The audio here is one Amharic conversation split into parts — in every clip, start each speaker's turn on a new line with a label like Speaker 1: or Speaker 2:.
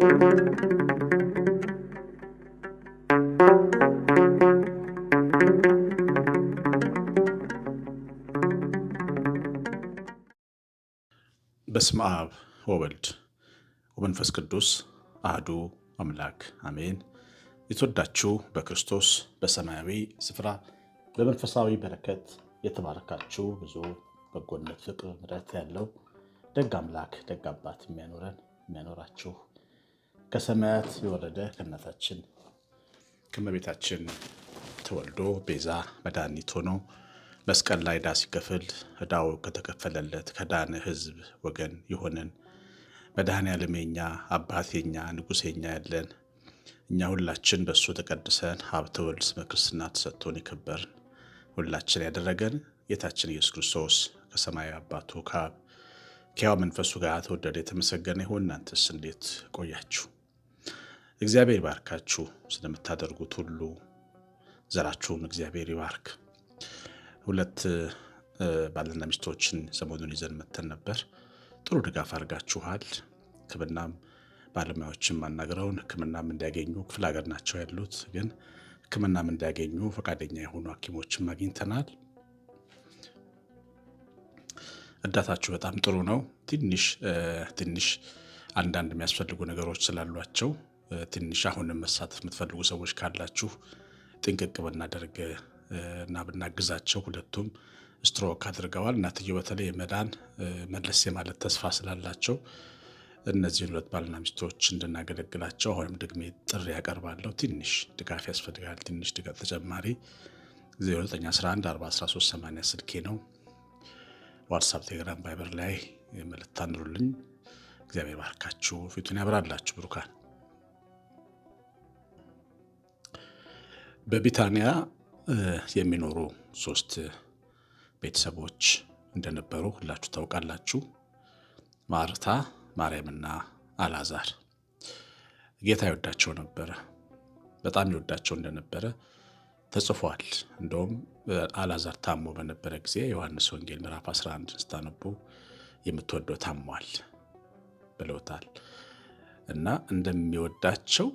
Speaker 1: በስመ አብ ወወልድ ወመንፈስ ቅዱስ አህዱ አምላክ አሜን። የተወዳችሁ በክርስቶስ በሰማያዊ ስፍራ በመንፈሳዊ በረከት የተባረካችሁ ብዙ በጎነት፣ ፍቅር፣ ምሕረት ያለው ደግ አምላክ ደግ አባት የሚያኖረን የሚያኖራችሁ ከሰማያት የወረደ ከእናታችን ከመቤታችን ተወልዶ ቤዛ መድኃኒት ሆኖ መስቀል ላይ ዳ ሲከፍል እዳው ከተከፈለለት ከዳነ ሕዝብ ወገን የሆነን መድኃኔዓለም የኛ አባት የኛ ንጉሥ የኛ ያለን እኛ ሁላችን በእሱ ተቀድሰን ሀብተ ወልድ ስመ ክርስትና ተሰጥቶን የከበርን ሁላችን ያደረገን ጌታችን ኢየሱስ ክርስቶስ ከሰማዊ አባቱ ከአብ መንፈሱ ጋር ተወደደ የተመሰገነ ይሁን። እናንተስ እንዴት ቆያችሁ? እግዚአብሔር ይባርካችሁ ስለምታደርጉት ሁሉ ዘራችሁን እግዚአብሔር ይባርክ። ሁለት ባልና ሚስቶችን ሰሞኑን ይዘን መተን ነበር። ጥሩ ድጋፍ አድርጋችኋል። ሕክምናም ባለሙያዎችን ማናግረውን ሕክምናም እንዲያገኙ ክፍለ ሀገር ናቸው ያሉት፣ ግን ሕክምናም እንዲያገኙ ፈቃደኛ የሆኑ ሀኪሞችን አግኝተናል። እርዳታችሁ በጣም ጥሩ ነው። ትንሽ ትንሽ አንዳንድ የሚያስፈልጉ ነገሮች ስላሏቸው ትንሽ አሁንም መሳተፍ የምትፈልጉ ሰዎች ካላችሁ ጥንቅቅ ብናደርግ እና ብናግዛቸው ሁለቱም ስትሮክ አድርገዋል። እናትየው በተለይ የመዳን መለስ የማለት ተስፋ ስላላቸው እነዚህን ሁለት ባልና ሚስቶች እንድናገለግላቸው አሁንም ድግሜ ጥሪ ያቀርባለሁ። ትንሽ ድጋፍ ያስፈልጋል። ትንሽ ድጋፍ ተጨማሪ 0911411380 ስልኬ ነው። ዋትሳፕ፣ ቴሌግራም፣ ቫይበር ላይ መልታ ኑሩልኝ። እግዚአብሔር ባርካችሁ፣ ፊቱን ያብራላችሁ ብሩካን በቢታንያ የሚኖሩ ሶስት ቤተሰቦች እንደነበሩ ሁላችሁ ታውቃላችሁ። ማርታ፣ ማርያምና አላዛር ጌታ ይወዳቸው ነበረ። በጣም ይወዳቸው እንደነበረ ተጽፏል። እንደውም አላዛር ታሞ በነበረ ጊዜ ዮሐንስ ወንጌል ምዕራፍ 11 ስታነቡ የምትወደው ታሟል ብለውታል እና እንደሚወዳቸው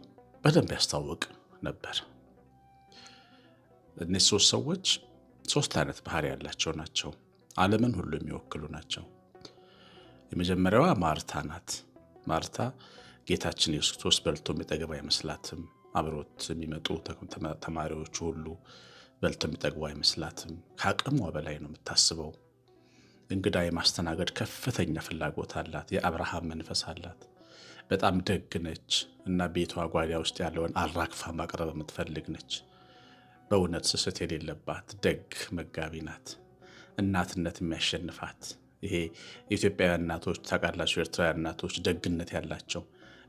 Speaker 1: በደንብ ያስታወቅ ነበር። እነዚህ ሶስት ሰዎች ሶስት አይነት ባህሪ ያላቸው ናቸው። ዓለምን ሁሉ የሚወክሉ ናቸው። የመጀመሪያዋ ማርታ ናት። ማርታ ጌታችን ኢየሱስ ክርስቶስ በልቶ የሚጠግብ አይመስላትም። አብሮት የሚመጡ ተማሪዎቹ ሁሉ በልቶ የሚጠግቡ አይመስላትም። ከአቅሟ በላይ ነው የምታስበው። እንግዳ የማስተናገድ ከፍተኛ ፍላጎት አላት። የአብርሃም መንፈስ አላት። በጣም ደግ ነች እና ቤቷ ጓዳ ውስጥ ያለውን አራግፋ ማቅረብ የምትፈልግ ነች። በእውነት ስስት የሌለባት ደግ መጋቢ ናት። እናትነት የሚያሸንፋት ይሄ የኢትዮጵያውያን እናቶች ታውቃላችሁ፣ ኤርትራውያን እናቶች ደግነት ያላቸው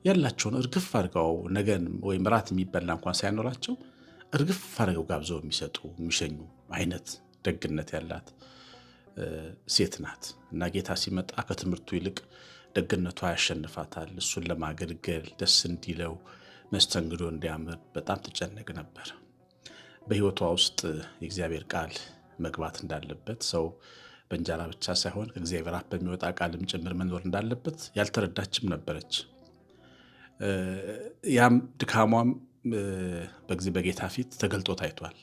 Speaker 1: ያላቸውን እርግፍ አድርገው ነገን ወይም ራት የሚበላ እንኳን ሳይኖራቸው እርግፍ አድርገው ጋብዘው የሚሰጡ የሚሸኙ አይነት ደግነት ያላት ሴት ናት እና ጌታ ሲመጣ ከትምህርቱ ይልቅ ደግነቷ ያሸንፋታል። እሱን ለማገልገል ደስ እንዲለው መስተንግዶ እንዲያምር በጣም ትጨነቅ ነበር። በህይወቷ ውስጥ የእግዚአብሔር ቃል መግባት እንዳለበት ሰው በእንጀራ ብቻ ሳይሆን ከእግዚአብሔር አፍ በሚወጣ ቃልም ጭምር መኖር እንዳለበት ያልተረዳችም ነበረች። ያም ድካሟም በጊዜ በጌታ ፊት ተገልጦ ታይቷል።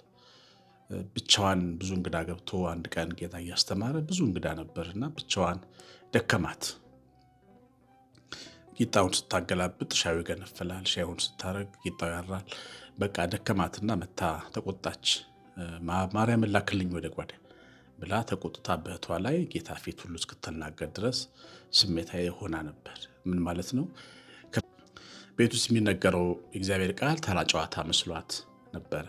Speaker 1: ብቻዋን ብዙ እንግዳ ገብቶ አንድ ቀን ጌታ እያስተማረ ብዙ እንግዳ ነበርና ብቻዋን ደከማት። ቂጣውን ስታገላብጥ ሻዩ ይገነፍላል። ሻዩን ስታረግ ቂጣው ያራል። በቃ ደከማትና መታ ተቆጣች። ማርያም ላክልኝ ወደ ጓዳ ብላ ተቆጥታ በእህቷ ላይ ጌታ ፊት ሁሉ እስክትናገር ድረስ ስሜታዊ ሆና ነበር። ምን ማለት ነው? ቤት ውስጥ የሚነገረው እግዚአብሔር ቃል ተራ ጨዋታ መስሏት ነበረ።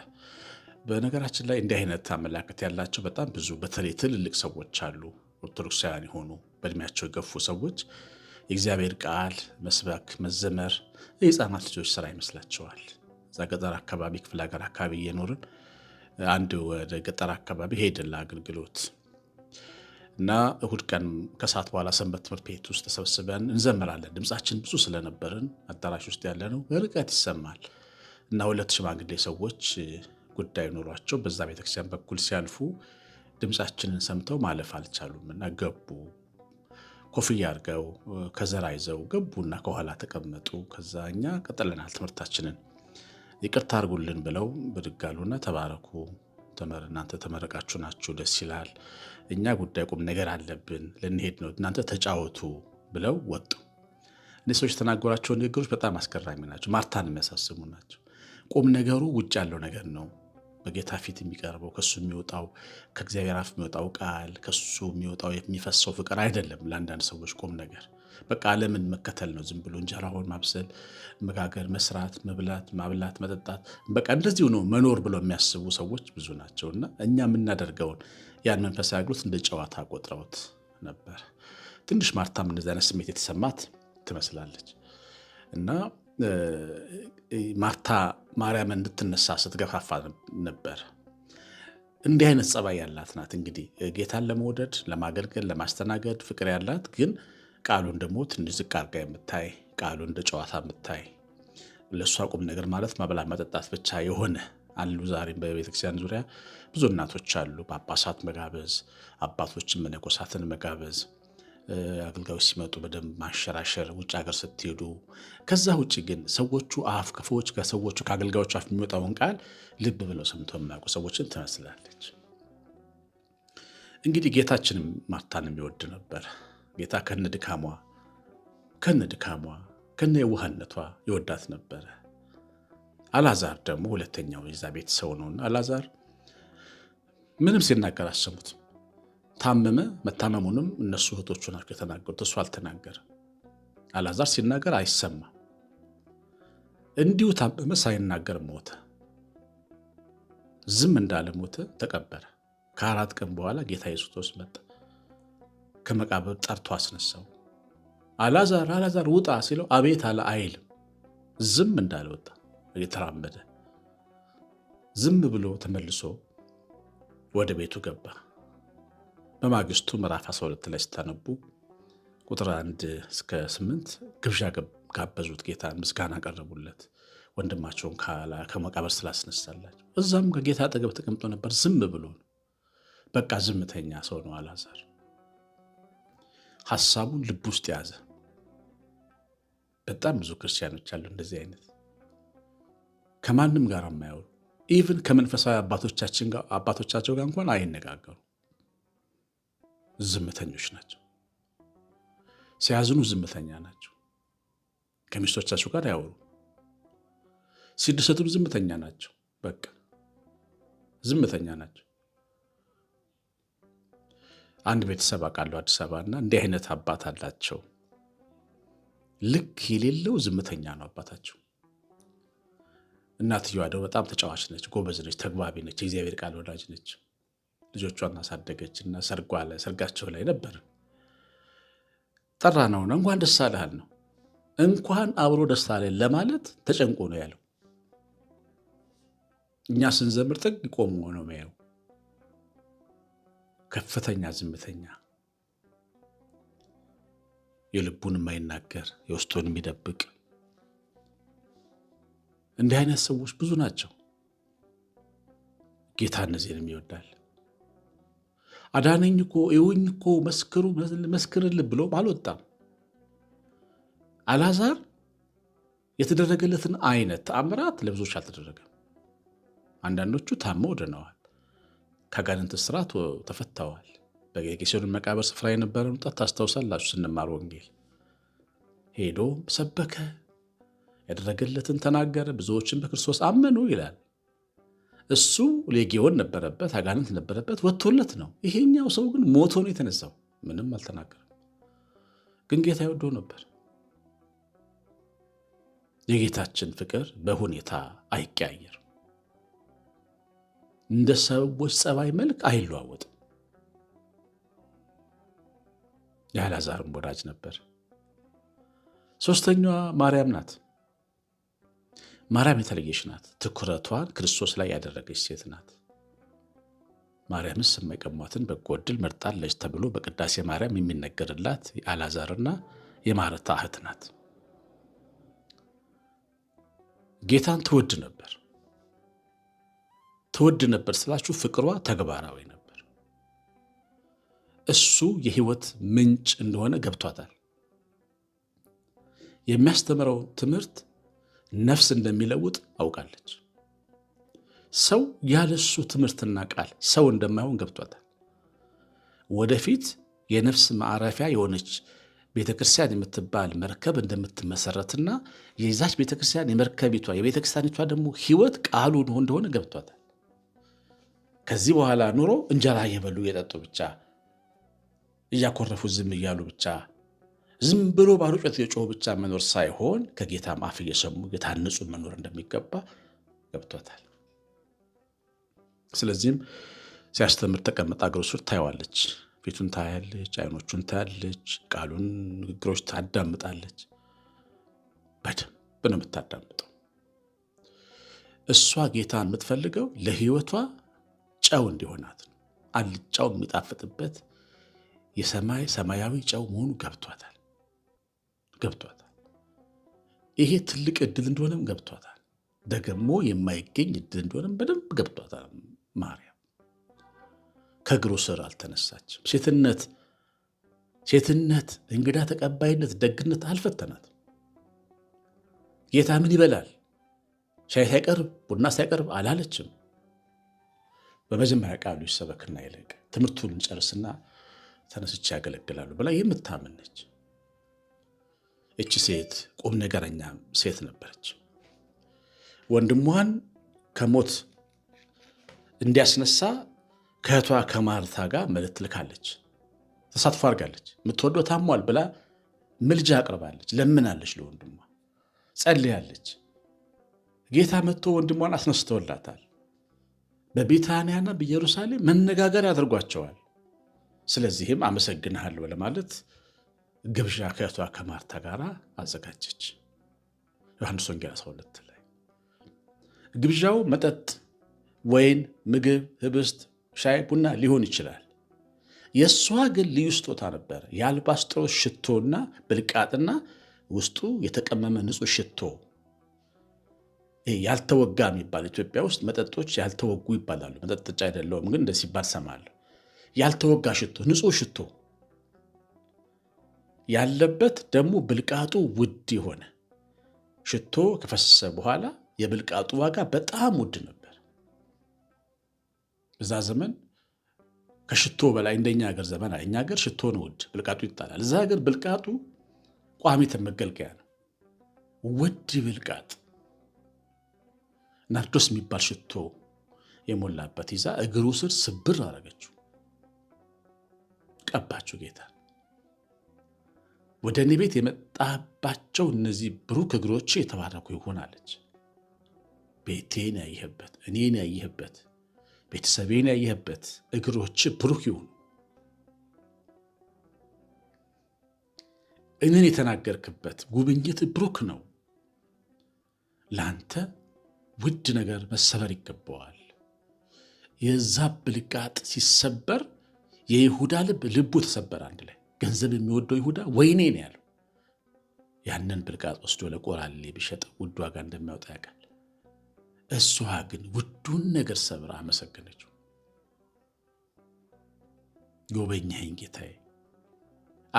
Speaker 1: በነገራችን ላይ እንዲህ አይነት አመላከት ያላቸው በጣም ብዙ በተለይ ትልልቅ ሰዎች አሉ። ኦርቶዶክሳውያን የሆኑ በእድሜያቸው የገፉ ሰዎች የእግዚአብሔር ቃል መስበክ፣ መዘመር የህፃናት ልጆች ስራ ይመስላቸዋል። እዛ ገጠር አካባቢ ክፍለ ሀገር አካባቢ እየኖርን አንድ ወደ ገጠር አካባቢ ሄድን ለአገልግሎት እና እሁድ ቀን ከሰዓት በኋላ ሰንበት ትምህርት ቤት ውስጥ ተሰብስበን እንዘምራለን። ድምፃችን ብዙ ስለነበርን አዳራሽ ውስጥ ያለነው በርቀት ይሰማል እና ሁለት ሽማግሌ ሰዎች ጉዳይ ኖሯቸው በዛ ቤተክርስቲያን በኩል ሲያልፉ ድምፃችንን ሰምተው ማለፍ አልቻሉም እና ገቡ። ኮፍያ አድርገው ከዘራ ይዘው ገቡና ከኋላ ተቀመጡ። ከዛ እኛ ቀጠለናል ትምህርታችንን። ይቅርታ አድርጉልን ብለው ብድግ አሉና ተባረኩ፣ እናንተ ተመረቃችሁ ናችሁ፣ ደስ ይላል። እኛ ጉዳይ ቁም ነገር አለብን፣ ልንሄድ ነው፣ እናንተ ተጫወቱ ብለው ወጡ። እነዚህ ሰዎች የተናገሯቸው ንግግሮች በጣም አስገራሚ ናቸው። ማርታን የሚያሳስቡ ናቸው። ቁም ነገሩ ውጭ ያለው ነገር ነው። በጌታ ፊት የሚቀርበው ከሱ የሚወጣው ከእግዚአብሔር አፍ የሚወጣው ቃል ከሱ የሚወጣው የሚፈሰው ፍቅር አይደለም። ለአንዳንድ ሰዎች ቁም ነገር በቃ ዓለምን መከተል ነው። ዝም ብሎ እንጀራውን ማብሰል፣ መጋገር፣ መስራት፣ መብላት፣ ማብላት፣ መጠጣት በቃ እንደዚሁ ነው መኖር ብለው የሚያስቡ ሰዎች ብዙ ናቸው። እና እኛ የምናደርገውን ያን መንፈሳዊ አገልግሎት እንደ ጨዋታ ቆጥረውት ነበር። ትንሽ ማርታም እንደዚህ አይነት ስሜት የተሰማት ትመስላለች እና ማርታ ማርያም እንድትነሳ ስትገፋፋ ነበር። እንዲህ አይነት ጸባይ ያላት ናት። እንግዲህ ጌታን ለመውደድ ለማገልገል፣ ለማስተናገድ ፍቅር ያላት ግን ቃሉን ደግሞ ትንሽ ዝቅ አድርጋ የምታይ ቃሉ እንደ ጨዋታ የምታይ ለእሷ ቁም ነገር ማለት መብላት መጠጣት ብቻ የሆነ አሉ። ዛሬም በቤተክርስቲያን ዙሪያ ብዙ እናቶች አሉ። ጳጳሳት መጋበዝ፣ አባቶችን መነኮሳትን መጋበዝ አገልጋዮች ሲመጡ በደንብ ማሸራሸር ውጭ ሀገር ስትሄዱ። ከዛ ውጭ ግን ሰዎቹ አፍ ክፎች ከሰዎቹ ከአገልጋዮች አፍ የሚወጣውን ቃል ልብ ብለው ሰምቶ የሚያውቁ ሰዎችን ትመስላለች። እንግዲህ ጌታችንም ማርታን የሚወድ ነበር። ጌታ ከነ ድካሟ ከነ ድካሟ ከነ የዋህነቷ ይወዳት ነበረ። አላዛር ደግሞ ሁለተኛው የዛ ቤት ሰው ነውና አላዛር ምንም ሲናገር አሰሙት። ታመመ። መታመሙንም እነሱ እህቶቹ ናቸው የተናገሩት፣ እሱ አልተናገረ። አላዛር ሲናገር አይሰማ። እንዲሁ ታመመ፣ ሳይናገር ሞተ። ዝም እንዳለ ሞተ፣ ተቀበረ። ከአራት ቀን በኋላ ጌታ ኢየሱስ ክርስቶስ መጣ። ከመቃብር ጠርቶ አስነሳው። አላዛር አላዛር ውጣ ሲለው አቤት አለ፣ አይልም። ዝም እንዳለ ወጣ እየተራመደ። ዝም ብሎ ተመልሶ ወደ ቤቱ ገባ። በማግስቱ ምዕራፍ 12 ላይ ስታነቡ ቁጥር 1 እስከ 8 ግብዣ ጋበዙት፣ ጌታን ምስጋና ቀረቡለት፣ ወንድማቸውን ከመቃብር ስላስነሳላቸው። እዛም ከጌታ አጠገብ ተቀምጦ ነበር፣ ዝም ብሎ በቃ ዝምተኛ ሰው ነው አላዛር። ሀሳቡን ልብ ውስጥ የያዘ በጣም ብዙ ክርስቲያኖች አሉ እንደዚህ አይነት ከማንም ጋር የማያወሩ ኢቭን ከመንፈሳዊ አባቶቻችን ጋር አባቶቻቸው ጋር እንኳን አይነጋገሩ ዝምተኞች ናቸው። ሲያዝኑ ዝምተኛ ናቸው። ከሚስቶቻቸው ጋር ያወሩ፣ ሲደሰቱም ዝምተኛ ናቸው። በቃ ዝምተኛ ናቸው። አንድ ቤተሰብ አውቃለሁ አዲስ አበባ እና እንዲህ አይነት አባት አላቸው። ልክ የሌለው ዝምተኛ ነው አባታቸው። እናትየዋ ደግሞ በጣም ተጫዋች ነች፣ ጎበዝ ነች፣ ተግባቢ ነች፣ የእግዚአብሔር ቃል ወዳጅ ነች። ልጆቿን አሳደገች እና ሰርጓ ላይ ሰርጋቸው ላይ ነበር። ጠራ ነው እንኳን ደስ አለህ ነው እንኳን አብሮ ደስ አለን ለማለት ተጨንቆ ነው ያለው። እኛ ስንዘምር ጥግ ቆሞ ነው የሚያየው። ከፍተኛ ዝምተኛ፣ የልቡን የማይናገር የውስጡን የሚደብቅ እንዲህ አይነት ሰዎች ብዙ ናቸው። ጌታ እነዚህንም ይወዳል። አዳነኝ እኮ ይውኝ እኮ መስክሩ መስክርልን ብሎ አልወጣም። አላዛር የተደረገለትን አይነት ተአምራት ለብዙዎች አልተደረገም። አንዳንዶቹ ታመው ድነዋል፣ ከጋንንት እስራት ተፈተዋል። በጌሴኖን መቃብር ስፍራ የነበረ ወጣት ታስታውሳላችሁ፣ ስንማር ወንጌል ሄዶ ሰበከ፣ ያደረገለትን ተናገረ፣ ብዙዎችን በክርስቶስ አመኑ ይላል። እሱ ሌጌዮን ነበረበት፣ አጋንንት ነበረበት፣ ወጥቶለት ነው። ይሄኛው ሰው ግን ሞቶ ነው የተነሳው። ምንም አልተናገርም ግን ጌታ ይወደው ነበር። የጌታችን ፍቅር በሁኔታ አይቀያየርም። እንደ ሰዎች ጸባይ መልክ አይለዋወጥም። የአልዓዛርም ወዳጅ ነበር። ሶስተኛዋ ማርያም ናት። ማርያም የተለየች ናት። ትኩረቷን ክርስቶስ ላይ ያደረገች ሴት ናት። ማርያምስ የማይቀሟትን በጎ መርጣለች ተብሎ በቅዳሴ ማርያም የሚነገርላት የአልዓዛርና የማረታ እህት ናት። ጌታን ትወድ ነበር። ትወድ ነበር ስላችሁ ፍቅሯ ተግባራዊ ነበር። እሱ የህይወት ምንጭ እንደሆነ ገብቷታል። የሚያስተምረው ትምህርት ነፍስ እንደሚለውጥ አውቃለች። ሰው ያለሱ ትምህርትና ቃል ሰው እንደማይሆን ገብቷታል። ወደፊት የነፍስ ማዕረፊያ የሆነች ቤተክርስቲያን የምትባል መርከብ እንደምትመሰረትና የዛች ቤተክርስቲያን የመርከቢቷ የቤተክርስቲያኒቷ ደግሞ ሕይወት ቃሉ እንደሆነ ገብቷታል። ከዚህ በኋላ ኑሮ እንጀራ እየበሉ እየጠጡ ብቻ እያኮረፉ ዝም እያሉ ብቻ ዝም ብሎ ባዶ ጩኸት ብቻ መኖር ሳይሆን ከጌታ አፍ እየሰሙ የታነጹ መኖር እንደሚገባ ገብቶታል። ስለዚህም ሲያስተምር ተቀምጣ እግሩ ስር ታየዋለች። ፊቱን ታያለች፣ አይኖቹን ታያለች፣ ቃሉን ንግግሮች ታዳምጣለች። በደንብ ነው የምታዳምጠው። እሷ ጌታን የምትፈልገው ለህይወቷ ጨው እንዲሆናት ነው። አልጫው የሚጣፍጥበት የሰማይ ሰማያዊ ጨው መሆኑ ገብቷታል። ገብቷታል። ይሄ ትልቅ እድል እንደሆነም ገብቷታል። ደግሞ የማይገኝ እድል እንደሆነም በደንብ ገብቷታል። ማርያም ከእግሩ ስር አልተነሳችም። ሴትነት ሴትነት እንግዳ ተቀባይነት፣ ደግነት አልፈተናት። ጌታ ምን ይበላል ሻይ ሳይቀርብ ቡና ሳይቀርብ አላለችም። በመጀመሪያ ቃሉ ይሰበክና ይለቅ ትምህርቱን ጨርስና ተነስቼ ያገለግላሉ ብላ የምታምን ነች። እቺ ሴት ቁም ነገረኛ ሴት ነበረች። ወንድሟን ከሞት እንዲያስነሳ ከእህቷ ከማርታ ጋር መልእክት ልካለች። ተሳትፎ አድርጋለች። የምትወደው ታሟል ብላ ምልጃ አቅርባለች፣ ለምናለች፣ ለወንድሟ ጸልያለች። ጌታ መጥቶ ወንድሟን አስነስተውላታል። በቢታንያና በኢየሩሳሌም መነጋገር ያደርጓቸዋል። ስለዚህም አመሰግንሃለሁ ለማለት ግብዣ ከእቷ ከማርታ ጋር አዘጋጀች። ዮሐንስ ወንጌል 12 ላይ ግብዣው መጠጥ፣ ወይን፣ ምግብ፣ ህብስት፣ ሻይ፣ ቡና ሊሆን ይችላል። የእሷ ግን ልዩ ስጦታ ነበር፣ የአልባስጥሮስ ሽቶና ብልቃጥና ውስጡ የተቀመመ ንጹህ ሽቶ ያልተወጋ የሚባል ኢትዮጵያ ውስጥ መጠጦች ያልተወጉ ይባላሉ። መጠጥ አይደለውም ግን እንደ ሲባል ሰማለሁ። ያልተወጋ ሽቶ፣ ንጹህ ሽቶ ያለበት ደግሞ ብልቃጡ ውድ የሆነ ሽቶ ከፈሰሰ በኋላ የብልቃጡ ዋጋ በጣም ውድ ነበር። እዛ ዘመን ከሽቶ በላይ እንደኛ ሀገር ዘመን እኛ ሀገር ሽቶ ነው ውድ፣ ብልቃጡ ይጣላል። እዛ ሀገር ብልቃጡ ቋሚ መገልገያ ነው። ውድ ብልቃጥ ናርዶስ የሚባል ሽቶ የሞላበት ይዛ እግሩ ስር ስብር አረገችው፣ ቀባችው ጌታ ወደ እኔ ቤት የመጣባቸው እነዚህ ብሩክ እግሮች የተባረኩ ይሆናለች። ቤቴን ያየህበት፣ እኔን ያየህበት፣ ቤተሰቤን ያየህበት እግሮች ብሩክ ይሁኑ። እኔን የተናገርክበት ጉብኝት ብሩክ ነው። ለአንተ ውድ ነገር መሰበር ይገባዋል። የዛብ ልቃጥ ሲሰበር የይሁዳ ልብ ልቡ ተሰበር አንድ ላይ ገንዘብ የሚወደው ይሁዳ ወይኔ ነው ያለው። ያንን ብልቃጥ ወስዶ ለቆራሌ ቢሸጥ ውድ ዋጋ እንደሚያወጣ ያውቃል። እሷ ግን ውዱን ነገር ሰብራ አመሰገነችው። ጎበኛኸኝ ጌታዬ፣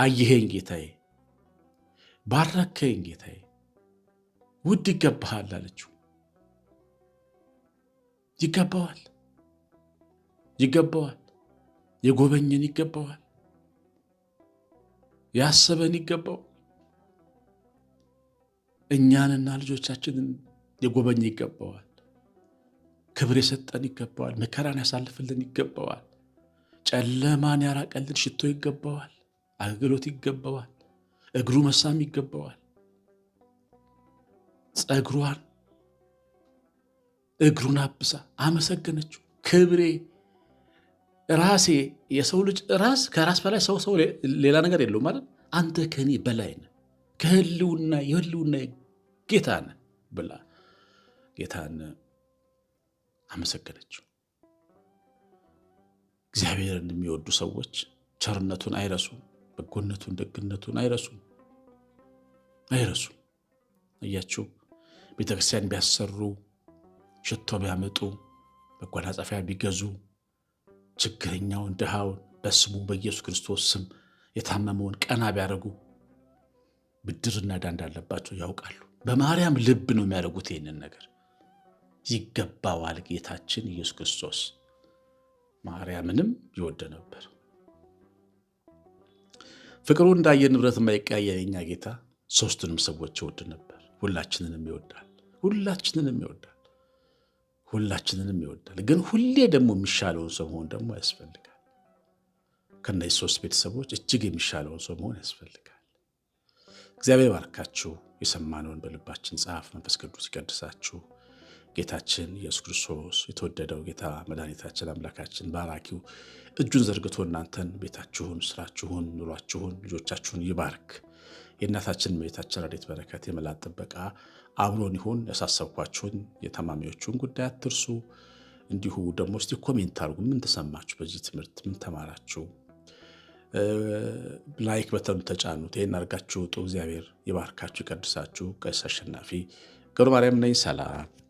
Speaker 1: አየኸኝ ጌታዬ፣ ባረከኝ ጌታዬ፣ ውድ ይገባሃል አለችው። ይገባዋል፣ ይገባዋል፣ የጎበኘን ይገባዋል። ያሰበን ይገባው እኛንና ልጆቻችንን የጎበኘ ይገባዋል። ክብር የሰጠን ይገባዋል። መከራን ያሳልፍልን ይገባዋል። ጨለማን ያራቀልን ሽቶ ይገባዋል። አገልግሎት ይገባዋል። እግሩ መሳም ይገባዋል። ጸጉሯን እግሩን አብሳ አመሰገነችው። ክብሬ ራሴ የሰው ልጅ ራስ ከራስ በላይ ሰው ሰው ሌላ ነገር የለውም ማለት አንተ ከኔ በላይ ነህ ከህልውና የህልውና ጌታ ነህ ብላ ጌታን አመሰገነችው። እግዚአብሔርን የሚወዱ ሰዎች ቸርነቱን አይረሱም፣ በጎነቱን ደግነቱን አይረሱም አይረሱም። እያችሁ ቤተክርስቲያን ቢያሰሩ፣ ሽቶ ቢያመጡ፣ መጎናጸፊያ ቢገዙ ችግረኛውን፣ ድሃውን በስሙ በኢየሱስ ክርስቶስ ስም የታመመውን ቀና ቢያደርጉ ብድርና ዕዳ እንዳለባቸው ያውቃሉ። በማርያም ልብ ነው የሚያደርጉት ይህንን ነገር። ይገባዋል ጌታችን ኢየሱስ ክርስቶስ ማርያምንም ይወደ ነበር። ፍቅሩ እንዳየ ንብረት የማይቀያየር የኛ ጌታ ሶስቱንም ሰዎች ይወድ ነበር። ሁላችንንም ይወዳል። ሁላችንንም ይወዳል። ሁላችንንም ይወዳል። ግን ሁሌ ደግሞ የሚሻለውን ሰው መሆን ደግሞ ያስፈልጋል። ከነዚህ ሶስት ቤተሰቦች እጅግ የሚሻለውን ሰው መሆን ያስፈልጋል። እግዚአብሔር ባርካችሁ። የሰማነውን በልባችን ጻፍ። መንፈስ ቅዱስ ይቀድሳችሁ። ጌታችን ኢየሱስ ክርስቶስ የተወደደው ጌታ መድኃኒታችን አምላካችን ባራኪው እጁን ዘርግቶ እናንተን ቤታችሁን፣ ስራችሁን፣ ኑሯችሁን፣ ልጆቻችሁን ይባርክ። የእናታችን መቤታችን ረድኤት በረከት የመላት ጥበቃ አብሮን ይሁን። ያሳሰብኳችሁን የታማሚዎቹን ጉዳይ አትርሱ። እንዲሁ ደግሞ እስቲ ኮሜንት አድርጉ። ምን ተሰማችሁ? በዚህ ትምህርት ምን ተማራችሁ? ላይክ በተኑ ተጫኑት። ይህን አድርጋችሁ ጡ እግዚአብሔር ይባርካችሁ፣ ይቀድሳችሁ። ቀሲስ አሸናፊ ገብረ ማርያም ነኝ። ሰላም